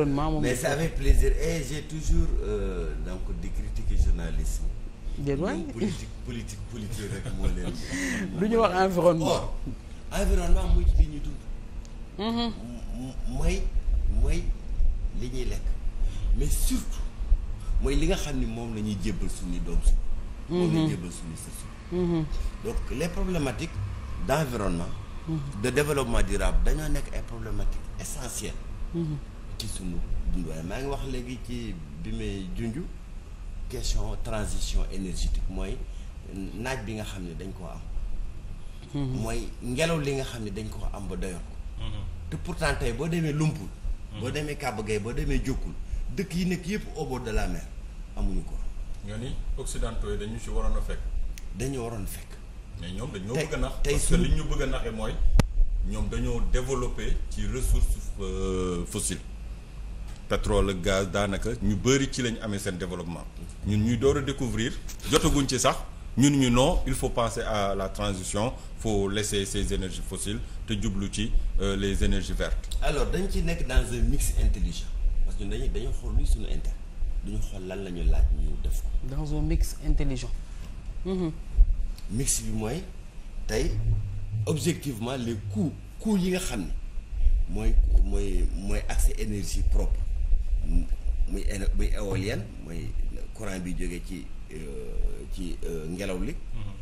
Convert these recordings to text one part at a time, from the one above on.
environnement moom. mais ça fait plaisir et eh, j'ai toujours euh, donc di critiquer journalisme. dégg nga politique politique politique rek moo leen. lu ñu wax environnement. Oh, environnement mooy ci li ñu dund. Mm-hmm. mooy li ñuy lekk mais surtout mooy li nga xam ni moom la ñuy jébbal suñu doom si. moom la ñuy mm-hmm. jébbal suñu mm-hmm. donc les problématiques d'environnement. de développement durable dañoo nekk ay problématiques essentielles. ci sunu dund waaye maa ngi wax léegi ci bi may junj question transition énergétique mooy naaj bi nga xam ne dañ ko am. Mm-hmm. mooy ngelaw li nga xam ne dañ ko am ba doyoon ko. Mm-hmm. te pourtant tey boo demee Lumpul. Mm-hmm. boo demee Kaba Gueye boo demee jógul dëkk yi nekk yëpp au bord de la mer amuñu ko. ñoo ni dañu si waroon a fekk. waroon fekk. ñoom dañoo bëgg a nax parce que ñu bëgg a naxee mooy ñoom dañoo développé ci ressource euh, fossile pétrole gaz daanaka ñu bëri ci lañ amee seen développement ñun ñuy door a découvrir jotaguñ ci sax ñun ñu non il faut penser à la transition faut laisser ces énergies fossiles te jublu ci euh, les énergies vertes alors dañ ci nekk dans un mix intelligent parce que dañuy dañoo xool luy suñu intérêt duñu xool lan la ñu laaj ñu def ko dans un mix intelligent mmh. mix bi mooy tey objectivement les coûts coûts yi nga xam ne mooy mooy mooy accès énergie propre muy muy éolienne muy courant bi jóge ci euh, ci euh, ngelaw li mhm.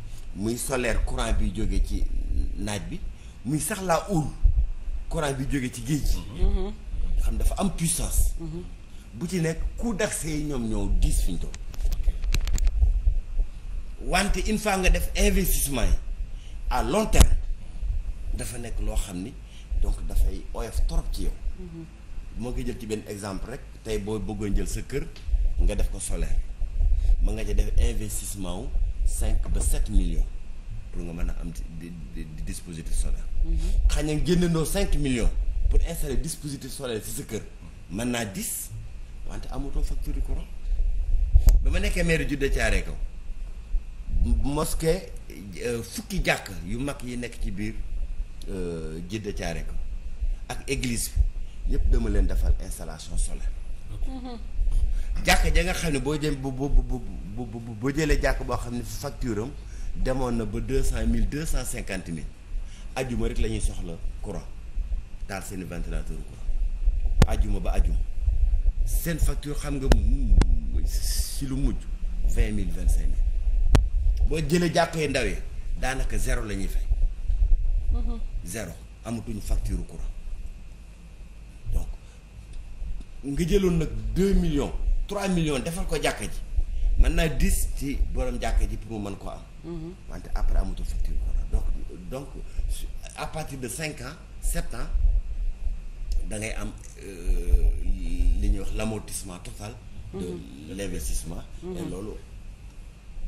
muy solaire courant bi jóge ci naaj bi muy sax la houle courant bi jóge ci géej gi mhm. Mhm. xam dafa am puissance bu ci nekk ku d'accès yi ñoom ñoo diis fi ñu toll wante une fois nga def investissement yi à long terme dafa nekk loo xam ni donc dafay oyof trop ci yow moo koy jël ci benn exemple rek tey boo bëggoon jël sa kër nga def ko solaire mën nga ci def investissement wu cinq ba sept millions pour mën a am di di dispositif solaire. Mhm. xëy na génnandoo pour installer dispositif solaire ci sa kër mën naa dix wante amutoo facture du courant ba ma nekkee maire judde caaree ko mosquée euh, fukki jàkk yu mag yi nekk ci biir euh, jidde caaree kaw ak église yëpp dama leen defal installation solaire. jàkk ja nga xam ne boo jëm bu jëlee jàkk boo xam ne facture am demoon na ba deux cent mille deux cent cinquante mille ajuma rek la ñuy soxla courant taal seen ventilateur courant ajuma ba ajuma seen facture xam nga si lu mujj vingt mille vingt cinq mille boo jëlee jàkk yi ndaw yi daanaka zéro la ñuy fay. Mhm. zéro amatuñu facture courant. nga jëloon nag deux millions trois millions defal ko jàkka ji mën naa dis ci borom jàkka ji pour mu mën ko am mhm. wante après amatul facture donc donc à partir de cinq ans sept ans da ngay am euh, li ñuy wax l'amortissement total de mhm. l'investissement mhm. et loolu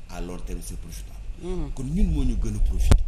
à long terme c'est profitable kon ñun moo ñu gën a